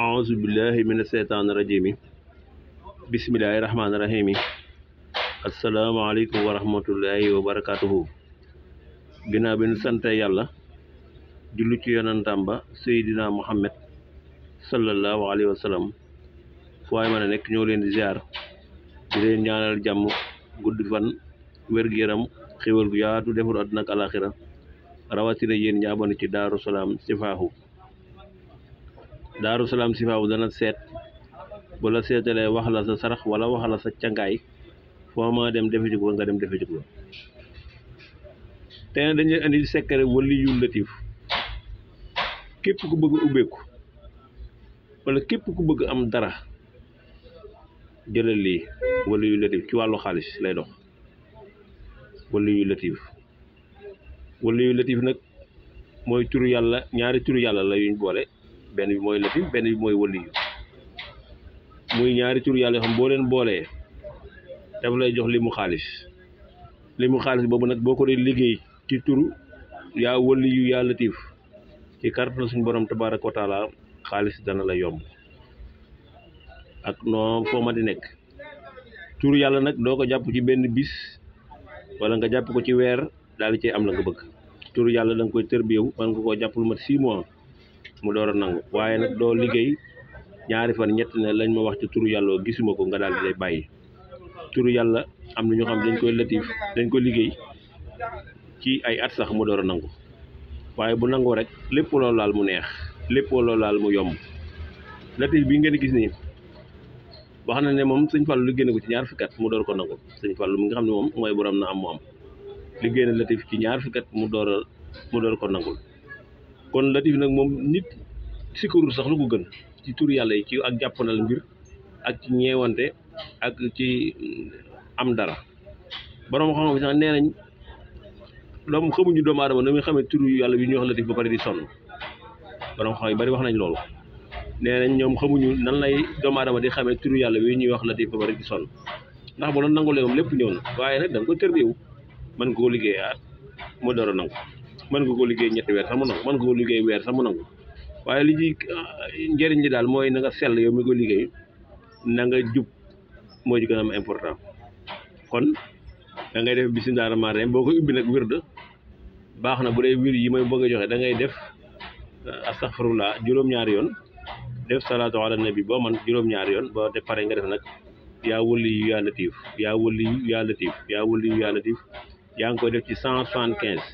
aouzu billahi min asheytaani rajim yi bismillahi rahmaani rahim yi asalaamaaleykum wa rahmatullahi wa barakatuhu bi nu sante yàlla jullu ci yonantam ba seydina muhammad sallallahu alayhi wa sallam waaye ma nekk ñoo leen di jaar di leen ñaanal jàmm gudd fan wér-gu-yaram xéwal gu yaatu deful àdduna ak alaxira rawatina yéen ñi abonné ci daaru salaam sifaahu daaru salaam sifaabu dana seet bu la seetalee wax la sa sarax wala wax la sa cangaay foo ma dem defeti ko nga dem defeti ko tey nag dañuy andi secret waliyul latif képp ku bëgg ubbeeku wala képp ku bëgg am dara jëlal lii waliyul latif ci wàllu xaalis lay dox waliyul latif waliyul latif nag mooy turu yàlla ñaari turu yàlla la yuñ boole benn bi mooy latif benn bi mooy waliyu muy ñaari tur yàlla yoo xam boo leen boolee dafa lay jox limu xaalis limu mu xaalis boobu nag boo ko dee liggéey ci turu yaa waliyu yaa latif ci carte borom tabaaraka wa taala xaalis dana la yomb ak noo foo ma nekk tur yàlla nag doo ko jàpp ci benn bis wala nga jàpp ko ci weer daal di cay am la nga bëgg tur yàlla da nga koy tërbiyewu man nga ko jàpp lu mat six mois mu door a nangu waaye nag doo liggéey ñaari fan ñett ne lañ ma wax ci turu yàlla gisuma ko nga daal di bàyyi turu yàlla am na ñoo xam dañ koy latif dañ ko liggéey ci ay at sax mu door a nangu waaye bu nangoo rek lépp loo laal mu neex lépp loo laal mu yomb latif bi ngeen gis nii wax na ne moom sëñ Fallou liggéey na ko ci ñaar fukki at mu door ko nangu sëñ Fallou mi nga xam ne moom mooy borom na am mu am liggéey na latif ci ñaar fukki mu door a mu door ko nangul kon latif nag moom nit sikkarul sax lu ko gën ci tur yàlla yi ci ak jàppandal mbir ak ci ñeewante ak ci am dara borom xam bi sax nee nañ doom xamuñu doomu aadama na muy xamee tur yàlla bi ñuy wax latif ba pare di sonn borom xam bari wax nañ loolu nee nañ ñoom xamuñu nan lay doomu aadama di xamee turu yàlla bi ñuy wax latif ba pare di sonn ndax ba doon nangu leen lépp ñëw na waaye nag da nga ko tërbiwu mën koo liggéeyaat moo door a nangu mën nga ko liggéey ñetti weer sax mu nangu mën nga ko liggéey weer sax mu nangu waaye li ci ah, njëriñ li daal mooy na nga sell yow mi ko liggéey na nga jub moo ci gën a am important kon da ngay def bisimilah rahmaani rahiim boo koy ubbi nag wird baax na bu dee wir yi may bëgg a joxe da ngay def ah, astaghfirullah juróom-ñaari yoon def salaatu ala nabi boo man juróom-ñaari yoon boo te pare nga def nag yaa wali yu yaa latif yaa wali yu yaa latif yaa wali yaa ngi koy def ci cent soixante quinze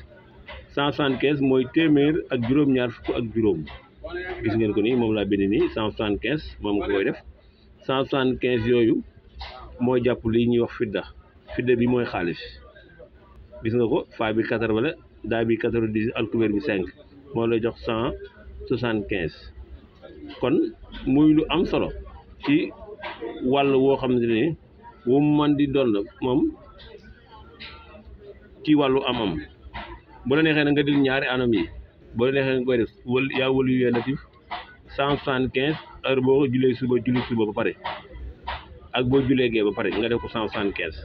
cent soixante quinze mooy téeméer ak juróom-ñaar fukk ak juróom gis ngeen ko nii moom laa bind nii cent soixante quinze moom nga koy def cent quinze yooyu mooy jàpp lii ñuy wax fidda fidda bi mooy xaalis gis nga ko faa bi quatre wala daa bi quatre dix alkubeer bi cinq moo lay jox cent soixante quinze kon muy lu am solo ci wàll woo xam ne ni wu man di doon moom ci wàllu am-am boo la neexee na nga déglu ñaari anam yi bu la neexee nga koy def wël yaa wël yu natif cent soixante quinze heure boo julee suba julli suba ba pare ak boo julee gee ba pare nga def ko cent soixante quinze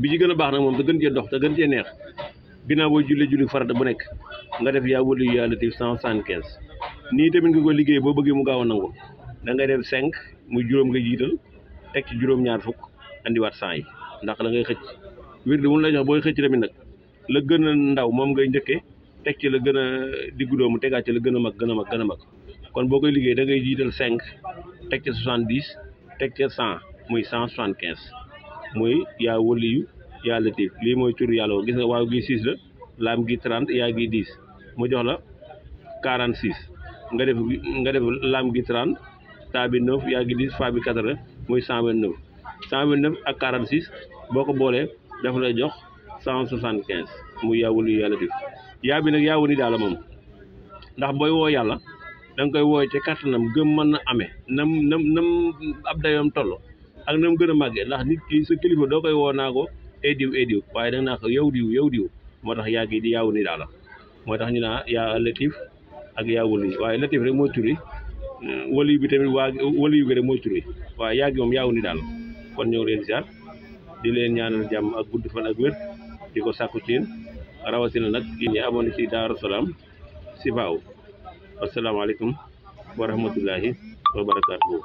bi ci gën a baax nag moom te gën cee dox te gën cee neex ginnaaw boo jullee julli farata bu nekk nga def yaa wël yu natif cent soixante quinze nii tamit nga koy liggéey boo bëggee mu gaaw a nangu da ngay def cinq muy juróom nga jiital teg ci juróom-ñaar fukk indiwaat cent ndax da ngay xëcc wird bi la booy xëcc tamit nag la gën a ndaw moom ngay njëkkee teg ci la gën a diggu doomu tegaat ci la gën a mag gën mag gën mag kon boo koy liggéey da ngay jiital cinq teg ci soixante dix teg ci cent muy cent soixante quinze muy yaa waliyu yaa latif lii mooy tur yàlla woo gis nga waaw la laam gi trente yaa gi dix mu jox la quarante six nga def nga def laam gi trente taa bi neuf yaa gi dix faa bi quatre muy cent vingt neuf cent vingt neuf ak quarante six boo ko boolee daf la jox cent soixante quinze mu yaawulu yàlla bi yaa bi nag yaawu ni daal moom ndax booy woo yàlla da koy wooy te kàttanam gëm mën na amee nam nam nam ab dayoom toll ak nam gën a màggee ndax nit sa kilifa doo koy woo naa ko ay eh eh diw waaye da naa ko yow diw yow diw moo tax yaa gi di yaawu ni daal moo tax ñu naa yaa latif ak yaa wali waaye latif rek mooy turi bi tamit waa wali bi rek mooy turi waaye yaa gi moom yaawu ni daal kon ñëw leen ziar di leen ñaanal jàmm ak gudd fan ak wér di ko sàkku ci rawatina nag gi ñi abonné ci Daaru Salaam si baaw asalaamaaleykum wa rahmatullahi wa barakaatuhu